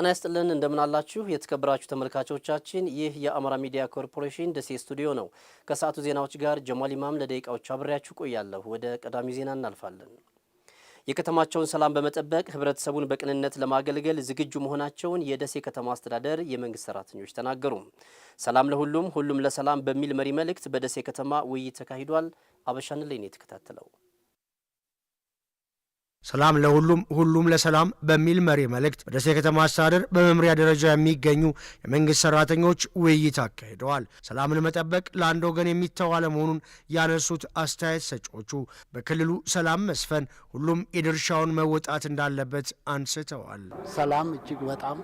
ጤና ይስጥልን እንደምናላችሁ የተከበራችሁ ተመልካቾቻችን። ይህ የአማራ ሚዲያ ኮርፖሬሽን ደሴ ስቱዲዮ ነው። ከሰዓቱ ዜናዎች ጋር ጀማል ኢማም ለደቂቃዎቹ አብሬያችሁ ቆያለሁ። ወደ ቀዳሚ ዜና እናልፋለን። የከተማቸውን ሰላም በመጠበቅ ህብረተሰቡን በቅንነት ለማገልገል ዝግጁ መሆናቸውን የደሴ ከተማ አስተዳደር የመንግስት ሰራተኞች ተናገሩ። ሰላም ለሁሉም ሁሉም ለሰላም በሚል መሪ መልእክት በደሴ ከተማ ውይይት ተካሂዷል። አበሻን ላይ ነው የተከታተለው ሰላም ለሁሉም ሁሉም ለሰላም በሚል መሪ መልእክት በደሴ ከተማ አስተዳደር በመምሪያ ደረጃ የሚገኙ የመንግስት ሰራተኞች ውይይት አካሂደዋል። ሰላምን መጠበቅ ለአንድ ወገን የሚተዋለ መሆኑን ያነሱት አስተያየት ሰጪዎቹ በክልሉ ሰላም መስፈን ሁሉም የድርሻውን መወጣት እንዳለበት አንስተዋል። ሰላም እጅግ በጣም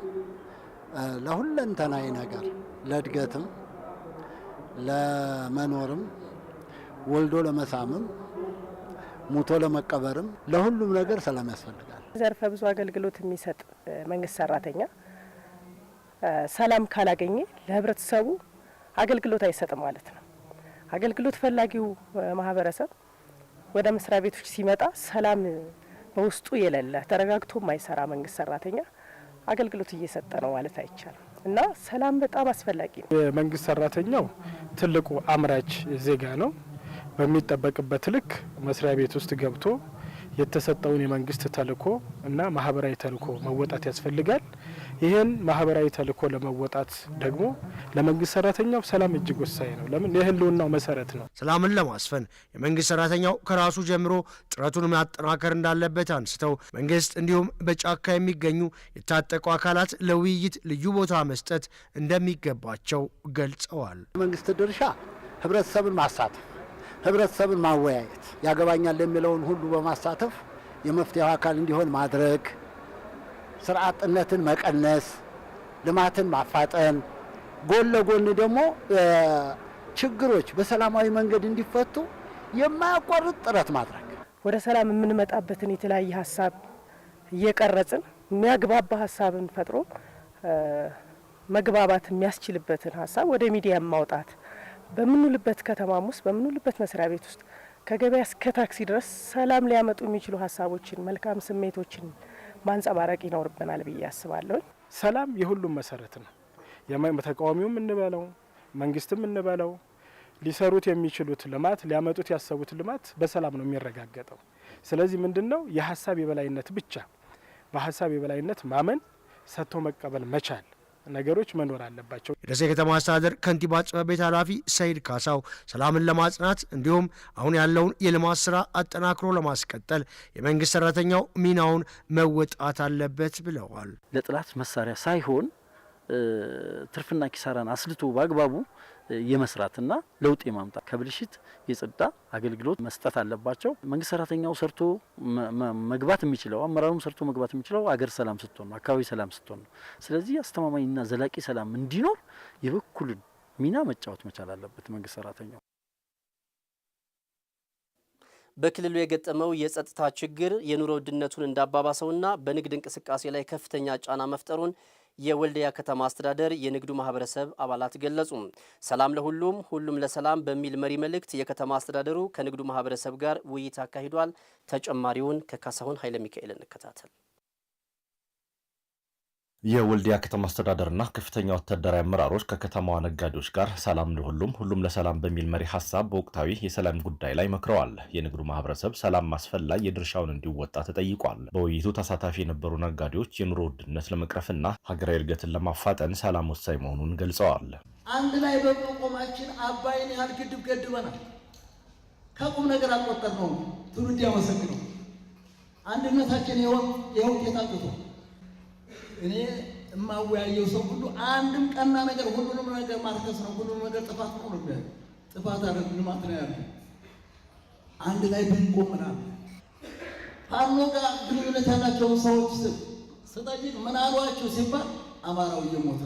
ለሁለንተናዊ ነገር ለእድገትም ለመኖርም ወልዶ ለመሳምም ሙቶ ለመቀበርም ለሁሉም ነገር ሰላም ያስፈልጋል። ዘርፈ ብዙ አገልግሎት የሚሰጥ መንግስት ሰራተኛ ሰላም ካላገኘ ለህብረተሰቡ አገልግሎት አይሰጥም ማለት ነው። አገልግሎት ፈላጊው ማህበረሰብ ወደ መስሪያ ቤቶች ሲመጣ ሰላም በውስጡ የሌለ ተረጋግቶ የማይሰራ መንግስት ሰራተኛ አገልግሎት እየሰጠ ነው ማለት አይቻልም እና ሰላም በጣም አስፈላጊ ነው። የመንግስት ሰራተኛው ትልቁ አምራች ዜጋ ነው። በሚጠበቅበት ልክ መስሪያ ቤት ውስጥ ገብቶ የተሰጠውን የመንግስት ተልዕኮ እና ማህበራዊ ተልኮ መወጣት ያስፈልጋል። ይህን ማህበራዊ ተልኮ ለመወጣት ደግሞ ለመንግስት ሰራተኛው ሰላም እጅግ ወሳኝ ነው። ለምን የህልውናው መሰረት ነው። ሰላምን ለማስፈን የመንግስት ሰራተኛው ከራሱ ጀምሮ ጥረቱን ማጠናከር እንዳለበት አንስተው መንግስት እንዲሁም በጫካ የሚገኙ የታጠቁ አካላት ለውይይት ልዩ ቦታ መስጠት እንደሚገባቸው ገልጸዋል። የመንግስት ድርሻ ህብረተሰብን ማሳተፍ ህብረተሰብን ማወያየት ያገባኛል የሚለውን ሁሉ በማሳተፍ የመፍትሄው አካል እንዲሆን ማድረግ፣ ስርዓትነትን መቀነስ፣ ልማትን ማፋጠን፣ ጎን ለጎን ደግሞ ችግሮች በሰላማዊ መንገድ እንዲፈቱ የማያቋርጥ ጥረት ማድረግ ወደ ሰላም የምንመጣበትን የተለያየ ሀሳብ እየቀረጽን የሚያግባባ ሀሳብን ፈጥሮ መግባባት የሚያስችልበትን ሀሳብ ወደ ሚዲያ ማውጣት በምንውልበት ከተማም ውስጥ በምንውልበት መስሪያ ቤት ውስጥ ከገበያ እስከ ታክሲ ድረስ ሰላም ሊያመጡ የሚችሉ ሀሳቦችን፣ መልካም ስሜቶችን ማንጸባረቅ ይኖርብናል ብዬ አስባለሁ። ሰላም የሁሉም መሰረት ነው። ተቃዋሚውም እንበለው መንግስትም እንበለው ሊሰሩት የሚችሉት ልማት ሊያመጡት ያሰቡት ልማት በሰላም ነው የሚረጋገጠው። ስለዚህ ምንድን ነው የሀሳብ የበላይነት ብቻ በሀሳብ የበላይነት ማመን ሰጥቶ መቀበል መቻል ነገሮች መኖር አለባቸው። የደሴ ከተማ አስተዳደር ከንቲባ ጽሕፈት ቤት ኃላፊ ሰይድ ካሳው ሰላምን ለማጽናት እንዲሁም አሁን ያለውን የልማት ስራ አጠናክሮ ለማስቀጠል የመንግስት ሰራተኛው ሚናውን መወጣት አለበት ብለዋል። ለጥላት መሳሪያ ሳይሆን ትርፍና ኪሳራን አስልቶ በአግባቡ የመስራትና ለውጥ የማምጣት ከብልሽት የጸዳ አገልግሎት መስጠት አለባቸው። መንግስት ሰራተኛው ሰርቶ መግባት የሚችለው አመራሩም ሰርቶ መግባት የሚችለው አገር ሰላም ስትሆን ነው፣ አካባቢ ሰላም ስትሆን ነው። ስለዚህ አስተማማኝና ዘላቂ ሰላም እንዲኖር የበኩልን ሚና መጫወት መቻል አለበት መንግስት ሰራተኛው። በክልሉ የገጠመው የጸጥታ ችግር የኑሮ ውድነቱን እንዳባባሰውና በንግድ እንቅስቃሴ ላይ ከፍተኛ ጫና መፍጠሩን የወልዲያ ከተማ አስተዳደር የንግዱ ማህበረሰብ አባላት ገለጹ። ሰላም ለሁሉም ሁሉም ለሰላም በሚል መሪ መልእክት የከተማ አስተዳደሩ ከንግዱ ማህበረሰብ ጋር ውይይት አካሂዷል። ተጨማሪውን ከካሳሁን ኃይለ ሚካኤል እንከታተል። የወልዲያ ከተማ አስተዳደርና ከፍተኛ ወታደራዊ አመራሮች ከከተማዋ ነጋዴዎች ጋር ሰላም ለሁሉም ሁሉም ለሰላም በሚል መሪ ሀሳብ በወቅታዊ የሰላም ጉዳይ ላይ መክረዋል። የንግዱ ማህበረሰብ ሰላም ማስፈን ላይ የድርሻውን እንዲወጣ ተጠይቋል። በውይይቱ ተሳታፊ የነበሩ ነጋዴዎች የኑሮ ውድነት ለመቅረፍና ሀገራዊ እድገትን ለማፋጠን ሰላም ወሳኝ መሆኑን ገልጸዋል። አንድ ላይ በመቆማችን አባይን ያህል ግድብ ገድበናል። ከቁም ነገር አቆጠር ነው ትውልድ ያመሰግነው አንድነታችን የውጤት አግቷል እኔ የማወያየው ሰው ሁሉ አንድም ቀና ነገር ሁሉንም ነገር ማርከስ ነው። ሁሉንም ነገር ጥፋት ነው ነው ጥፋት አይደለም ልማት ነው ያለ። አንድ ላይ ብንቆም ፋኖ ጋር ግንኙነት ያላቸውን ሰዎች ስጠይቅ ምን አሏቸው ሲባል አማራው እየሞተ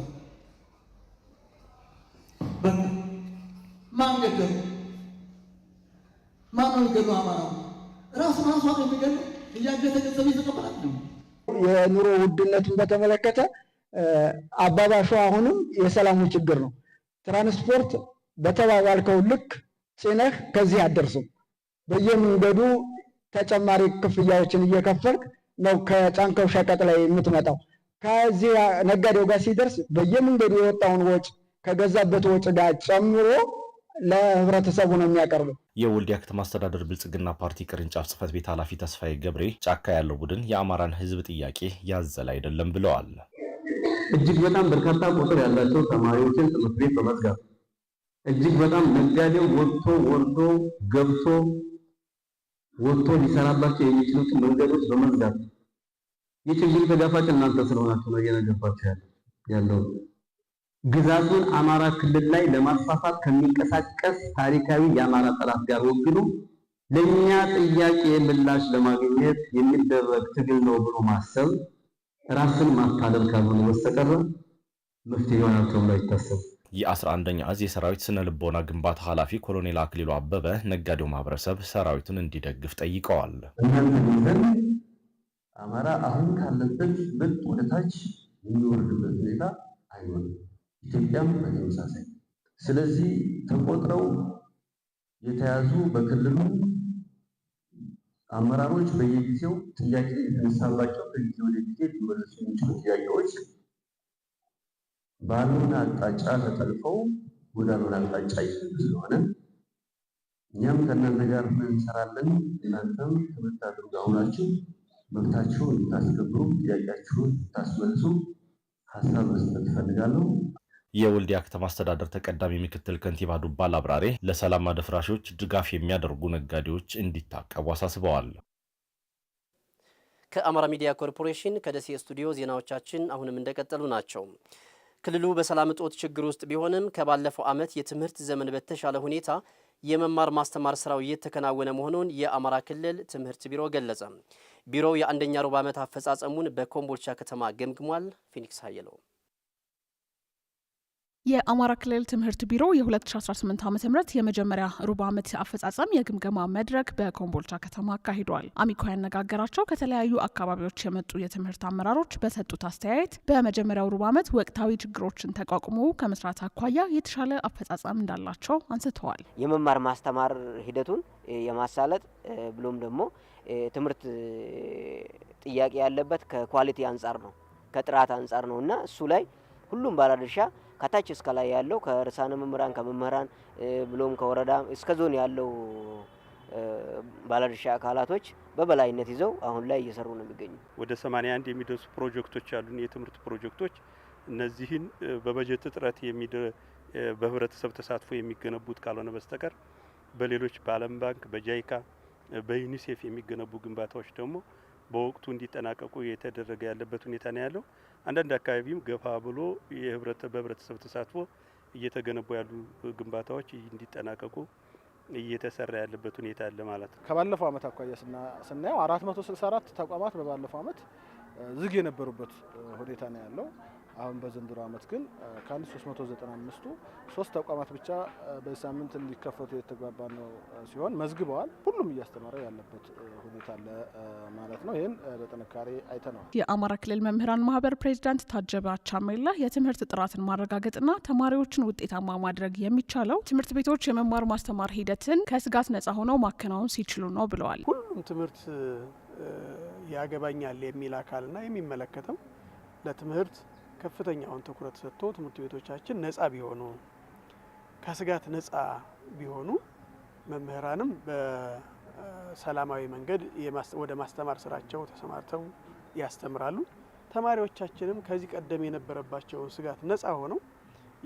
በቃ ማን ገደሉ? ማን ነው የሚገሉ? አማራው ራሱ ራሷ ነው የሚገሉ። እያገተገዘ ነው ነው የኑሮ ውድነቱን በተመለከተ አባባሹ አሁንም የሰላሙ ችግር ነው። ትራንስፖርት በተባባልከው ልክ ጭነህ ከዚህ አደርስም። በየመንገዱ ተጨማሪ ክፍያዎችን እየከፈልክ ነው ከጫንከው ሸቀጥ ላይ የምትመጣው። ከዚህ ነጋዴው ጋር ሲደርስ በየመንገዱ የወጣውን ወጭ ከገዛበት ወጭ ጋር ጨምሮ ለህብረተሰቡ ነው የሚያቀርበው። የወልዲያ ከተማ አስተዳደር ብልጽግና ፓርቲ ቅርንጫፍ ጽህፈት ቤት ኃላፊ ተስፋዬ ገብሬ ጫካ ያለው ቡድን የአማራን ህዝብ ጥያቄ ያዘለ አይደለም ብለዋል። እጅግ በጣም በርካታ ቁጥር ያላቸው ተማሪዎችን ትምህርት ቤት በመዝጋት እጅግ በጣም ነጋዴው ወጥቶ ወርዶ ገብቶ ወጥቶ ሊሰራባቸው የሚችሉት መንገዶች በመዝጋት የችግሩ ተጋፋጭ እናንተ ስለሆናችሁ ነው እየነገርኳቸው ያለው ግዛቱን አማራ ክልል ላይ ለማስፋፋት ከሚንቀሳቀስ ታሪካዊ የአማራ ጠላት ጋር ወግኖ ለእኛ ጥያቄ ምላሽ ለማግኘት የሚደረግ ትግል ነው ብሎ ማሰብ ራስን ማታለል ካልሆነ በስተቀር መፍትሄ ይሆናል ተብሎ አይታሰብ የ የ11ኛ እዝ የሰራዊት ስነ ልቦና ግንባታ ኃላፊ ኮሎኔል አክሊሉ አበበ ነጋዴው ማህበረሰብ ሰራዊቱን እንዲደግፍ ጠይቀዋል። እናንተ አማራ አሁን ካለበት ምን ወደታች የሚወርድበት ሁኔታ አይሆንም። ኢትዮጵያም በተመሳሳይ። ስለዚህ ተቆጥረው የተያዙ በክልሉ አመራሮች በየጊዜው ጥያቄ የተነሳባቸው ከጊዜ ወደ ጊዜ ሊመለሱ የሚችሉ ጥያቄዎች ባሉን አቅጣጫ ተጠልፈው ወዳሉን አቅጣጫ ይሄዱ ስለሆነ እኛም ከእናንተ ጋር እንሰራለን። እናንተም ትምህርት አድርጉ አሁናችሁ መብታችሁን እንድታስከብሩ ጥያቄያችሁን እንድታስመልሱ ሀሳብ መስጠት እፈልጋለሁ። የወልዲያ ከተማ አስተዳደር ተቀዳሚ ምክትል ከንቲባ ዱባል አብራሬ ለሰላም አደፍራሾች ድጋፍ የሚያደርጉ ነጋዴዎች እንዲታቀቡ አሳስበዋል። ከአማራ ሚዲያ ኮርፖሬሽን ከደሴ ስቱዲዮ ዜናዎቻችን አሁንም እንደቀጠሉ ናቸው። ክልሉ በሰላም እጦት ችግር ውስጥ ቢሆንም ከባለፈው ዓመት የትምህርት ዘመን በተሻለ ሁኔታ የመማር ማስተማር ስራው እየተከናወነ መሆኑን የአማራ ክልል ትምህርት ቢሮ ገለጸ። ቢሮው የአንደኛ ሩብ ዓመት አፈጻጸሙን በኮምቦልቻ ከተማ ገምግሟል። ፊኒክስ ሀየለው የአማራ ክልል ትምህርት ቢሮ የ2018 ዓ ም የመጀመሪያ ሩብ ዓመት አፈጻጸም የግምገማ መድረክ በኮምቦልቻ ከተማ አካሂዷል። አሚኮ ያነጋገራቸው ከተለያዩ አካባቢዎች የመጡ የትምህርት አመራሮች በሰጡት አስተያየት በመጀመሪያው ሩብ ዓመት ወቅታዊ ችግሮችን ተቋቁሞ ከመስራት አኳያ የተሻለ አፈጻጸም እንዳላቸው አንስተዋል። የመማር ማስተማር ሂደቱን የማሳለጥ ብሎም ደግሞ ትምህርት ጥያቄ ያለበት ከኳሊቲ አንጻር ነው ከጥራት አንጻር ነው እና እሱ ላይ ሁሉም ባለድርሻ ከታች እስከ ላይ ያለው ከርዕሳነ መምህራን ከመምህራን ብሎም ከወረዳ እስከ ዞን ያለው ባለድርሻ አካላቶች በበላይነት ይዘው አሁን ላይ እየሰሩ ነው የሚገኙ። ወደ 81 የሚደርሱ ፕሮጀክቶች ያሉን የትምህርት ፕሮጀክቶች እነዚህን በበጀት እጥረት በህብረተሰብ ተሳትፎ የሚገነቡት ካልሆነ በስተቀር በሌሎች በዓለም ባንክ፣ በጃይካ፣ በዩኒሴፍ የሚገነቡ ግንባታዎች ደግሞ በወቅቱ እንዲጠናቀቁ እየተደረገ ያለበት ሁኔታ ነው ያለው። አንዳንድ አካባቢም ገፋ ብሎ በህብረተሰብ ተሳትፎ እየተገነቡ ያሉ ግንባታዎች እንዲጠናቀቁ እየተሰራ ያለበት ሁኔታ አለ ማለት ነው። ከባለፈው አመት አኳያ ስናየው 464 ተቋማት በባለፈው አመት ዝግ የነበሩበት ሁኔታ ነው ያለው። አሁን በዘንድሮ ዓመት ግን ከአንድ 395ቱ ሶስት ተቋማት ብቻ በሳምንት እንዲከፈቱ የተግባባ ነው ሲሆን መዝግበዋል። ሁሉም እያስተማረ ያለበት ሁኔታ አለ ማለት ነው። ይህን በጥንካሬ አይተነዋል። የአማራ ክልል መምህራን ማህበር ፕሬዚዳንት ታጀበ አቻሜላ የትምህርት ጥራትን ማረጋገጥና ተማሪዎችን ውጤታማ ማድረግ የሚቻለው ትምህርት ቤቶች የመማር ማስተማር ሂደትን ከስጋት ነጻ ሆነው ማከናወን ሲችሉ ነው ብለዋል። ሁሉም ትምህርት ያገባኛል የሚል አካልና የሚመለከተው ለትምህርት ከፍተኛውን ትኩረት ሰጥቶ ትምህርት ቤቶቻችን ነጻ ቢሆኑ ከስጋት ነጻ ቢሆኑ መምህራንም በሰላማዊ መንገድ ወደ ማስተማር ስራቸው ተሰማርተው ያስተምራሉ። ተማሪዎቻችንም ከዚህ ቀደም የነበረባቸውን ስጋት ነጻ ሆነው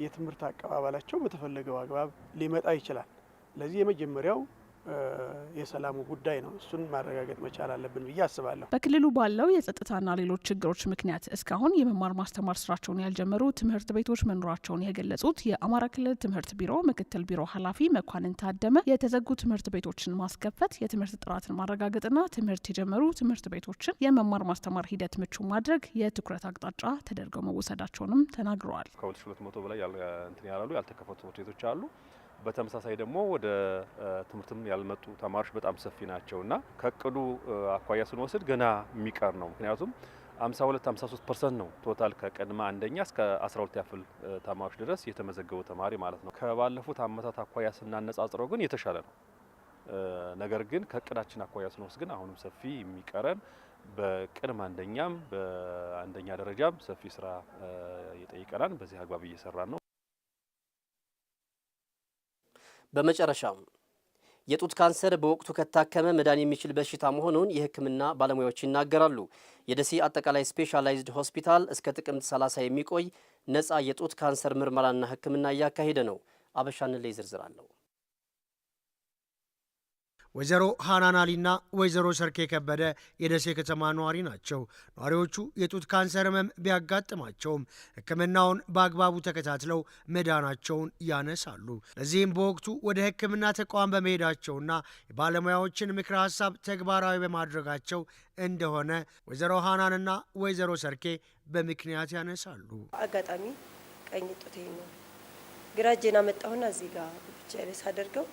የትምህርት አቀባበላቸው በተፈለገው አግባብ ሊመጣ ይችላል። ለዚህ የመጀመሪያው የሰላሙ ጉዳይ ነው። እሱን ማረጋገጥ መቻል አለብን ብዬ አስባለሁ። በክልሉ ባለው የጸጥታና ሌሎች ችግሮች ምክንያት እስካሁን የመማር ማስተማር ስራቸውን ያልጀመሩ ትምህርት ቤቶች መኖራቸውን የገለጹት የአማራ ክልል ትምህርት ቢሮ ምክትል ቢሮ ኃላፊ መኳንን ታደመ የተዘጉ ትምህርት ቤቶችን ማስከፈት፣ የትምህርት ጥራትን ማረጋገጥና ትምህርት የጀመሩ ትምህርት ቤቶችን የመማር ማስተማር ሂደት ምቹ ማድረግ የትኩረት አቅጣጫ ተደርገው መወሰዳቸውንም ተናግረዋል። ከ2200 በላይ ያልተከፈቱ ትምህርት ቤቶች አሉ። በተመሳሳይ ደግሞ ወደ ትምህርትም ያልመጡ ተማሪዎች በጣም ሰፊ ናቸው እና ከእቅዱ አኳያ ስንወስድ ገና የሚቀር ነው። ምክንያቱም 52 53 ፐርሰንት ነው ቶታል ከቅድመ አንደኛ እስከ 12 ያፍል ተማሪዎች ድረስ የተመዘገቡ ተማሪ ማለት ነው። ከባለፉት አመታት አኳያ ስናነጻጽረው ግን የተሻለ ነው። ነገር ግን ከእቅዳችን አኳያ ስንወስድ ግን አሁንም ሰፊ የሚቀረን በቅድመ አንደኛም በአንደኛ ደረጃም ሰፊ ስራ ይጠይቀናል። በዚህ አግባብ እየሰራን ነው። በመጨረሻም የጡት ካንሰር በወቅቱ ከታከመ መዳን የሚችል በሽታ መሆኑን የሕክምና ባለሙያዎች ይናገራሉ። የደሴ አጠቃላይ ስፔሻላይዝድ ሆስፒታል እስከ ጥቅምት 30 የሚቆይ ነፃ የጡት ካንሰር ምርመራና ሕክምና እያካሄደ ነው። አበሻን ላይ ዝርዝር አለው። ወይዘሮ ሃናን አሊና ወይዘሮ ሰርኬ ከበደ የደሴ ከተማ ነዋሪ ናቸው። ነዋሪዎቹ የጡት ካንሰር ህመም ቢያጋጥማቸውም ሕክምናውን በአግባቡ ተከታትለው መዳናቸውን ያነሳሉ። ለዚህም በወቅቱ ወደ ሕክምና ተቋም በመሄዳቸውና የባለሙያዎችን ምክረ ሀሳብ ተግባራዊ በማድረጋቸው እንደሆነ ወይዘሮ ሃናንና ወይዘሮ ሰርኬ በምክንያት ያነሳሉ። አጋጣሚ ቀኝ ጡቴ ነው ግራ አመጣሁና እዚህ ጋር ብቻ ሳደርገው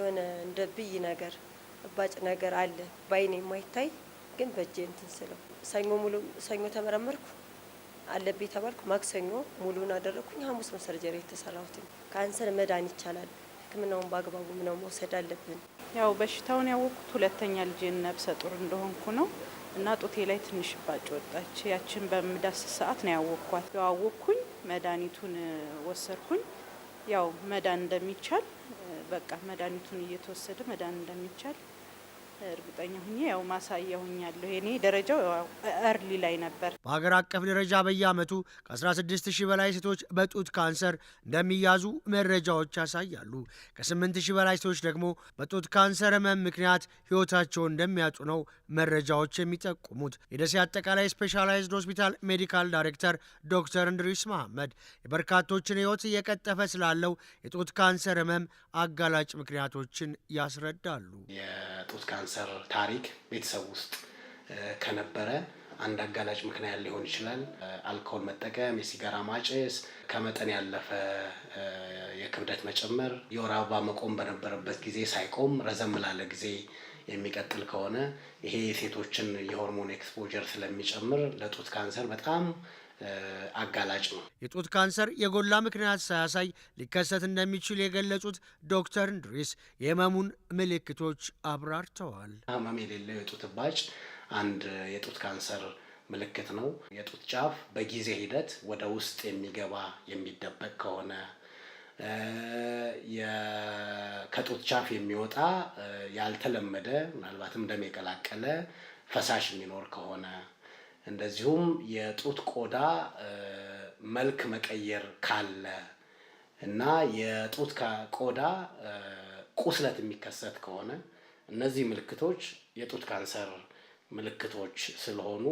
የሆነ እንደ ብይ ነገር እባጭ ነገር አለ ባይኔ የማይታይ ግን በእጄ እንትን ስለው ሰኞ ሙሉ ሰኞ ተመረመርኩ አለብኝ ተባልኩ። ማክሰኞ ሙሉን አደረግኩኝ። ሐሙስ ነው ሰርጀሪ የተሰራሁት። ካንሰር መዳን ይቻላል። ሕክምናውን በአግባቡ ምነው መውሰድ አለብን። ያው በሽታውን ያወቅኩት ሁለተኛ ልጄን ነብሰ ጡር እንደሆንኩ ነው እና ጡቴ ላይ ትንሽ ባጭ ወጣች። ያችን በምዳስ ሰዓት ነው ያወቅኳት። ያው አወቅኩኝ፣ መድኃኒቱን ወሰድኩኝ። ያው መዳን እንደሚቻል በቃ መድኃኒቱን እየተወሰደ መዳን እንደሚቻል እርግጠኛ ሁኜ ያው ማሳያ ሁኛለሁ። የኔ ደረጃው እርሊ ላይ ነበር። በሀገር አቀፍ ደረጃ በየዓመቱ ከ16 ሺህ በላይ ሴቶች በጡት ካንሰር እንደሚያዙ መረጃዎች ያሳያሉ። ከ8 ሺህ በላይ ሴቶች ደግሞ በጡት ካንሰር ህመም ምክንያት ህይወታቸውን እንደሚያጡ ነው መረጃዎች የሚጠቁሙት። የደሴ አጠቃላይ ስፔሻላይዝድ ሆስፒታል ሜዲካል ዳይሬክተር ዶክተር እንድሪስ መሐመድ የበርካቶችን ህይወት እየቀጠፈ ስላለው የጡት ካንሰር ህመም አጋላጭ ምክንያቶችን ያስረዳሉ። ካንሰር ታሪክ ቤተሰብ ውስጥ ከነበረ አንድ አጋላጭ ምክንያት ሊሆን ይችላል። አልኮል መጠቀም፣ የሲጋራ ማጨስ፣ ከመጠን ያለፈ የክብደት መጨመር፣ የወር አበባ መቆም በነበረበት ጊዜ ሳይቆም ረዘም ላለ ጊዜ የሚቀጥል ከሆነ ይሄ የሴቶችን የሆርሞን ኤክስፖጀር ስለሚጨምር ለጡት ካንሰር በጣም አጋላጭ ነው። የጡት ካንሰር የጎላ ምክንያት ሳያሳይ ሊከሰት እንደሚችል የገለጹት ዶክተር እንድሪስ የህመሙን ምልክቶች አብራርተዋል። ህመም የሌለው የጡት እባጭ አንድ የጡት ካንሰር ምልክት ነው። የጡት ጫፍ በጊዜ ሂደት ወደ ውስጥ የሚገባ የሚደበቅ ከሆነ ከጡት ጫፍ የሚወጣ ያልተለመደ ምናልባትም ደም የቀላቀለ ፈሳሽ የሚኖር ከሆነ እንደዚሁም የጡት ቆዳ መልክ መቀየር ካለ እና የጡት ቆዳ ቁስለት የሚከሰት ከሆነ እነዚህ ምልክቶች የጡት ካንሰር ምልክቶች ስለሆኑ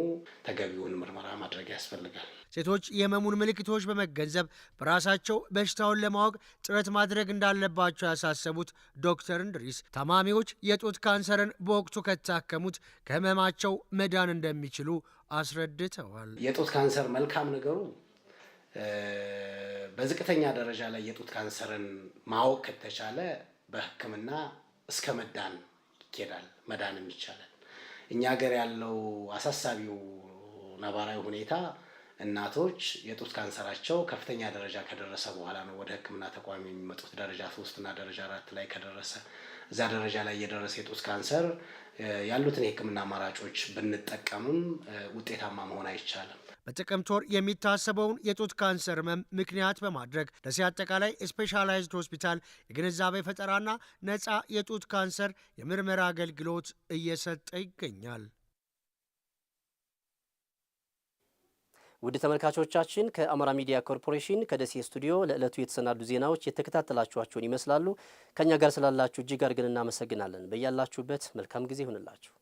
ተገቢውን ምርመራ ማድረግ ያስፈልጋል። ሴቶች የህመሙን ምልክቶች በመገንዘብ በራሳቸው በሽታውን ለማወቅ ጥረት ማድረግ እንዳለባቸው ያሳሰቡት ዶክተር እንድሪስ ታማሚዎች የጡት ካንሰርን በወቅቱ ከታከሙት ከህመማቸው መዳን እንደሚችሉ አስረድተዋል። የጡት ካንሰር መልካም ነገሩ በዝቅተኛ ደረጃ ላይ የጡት ካንሰርን ማወቅ ከተቻለ በሕክምና እስከ መዳን ይኬዳል፣ መዳንም ይቻላል። እኛ ሀገር ያለው አሳሳቢው ነባራዊ ሁኔታ እናቶች የጡት ካንሰራቸው ከፍተኛ ደረጃ ከደረሰ በኋላ ነው ወደ ሕክምና ተቋም የሚመጡት ደረጃ ሶስት እና ደረጃ አራት ላይ ከደረሰ እዛ ደረጃ ላይ የደረሰ የጡት ካንሰር ያሉትን የሕክምና አማራጮች ብንጠቀምም ውጤታማ መሆን አይቻልም። በጥቅምት ወር የሚታሰበውን የጡት ካንሰር ህመም ምክንያት በማድረግ ደሴ አጠቃላይ ስፔሻላይዝድ ሆስፒታል የግንዛቤ ፈጠራና ነፃ የጡት ካንሰር የምርመራ አገልግሎት እየሰጠ ይገኛል። ውድ ተመልካቾቻችን ከአማራ ሚዲያ ኮርፖሬሽን ከደሴ ስቱዲዮ ለዕለቱ የተሰናዱ ዜናዎች የተከታተላችኋቸውን ይመስላሉ። ከእኛ ጋር ስላላችሁ እጅግ አድርገን እናመሰግናለን። በያላችሁበት መልካም ጊዜ ይሁንላችሁ።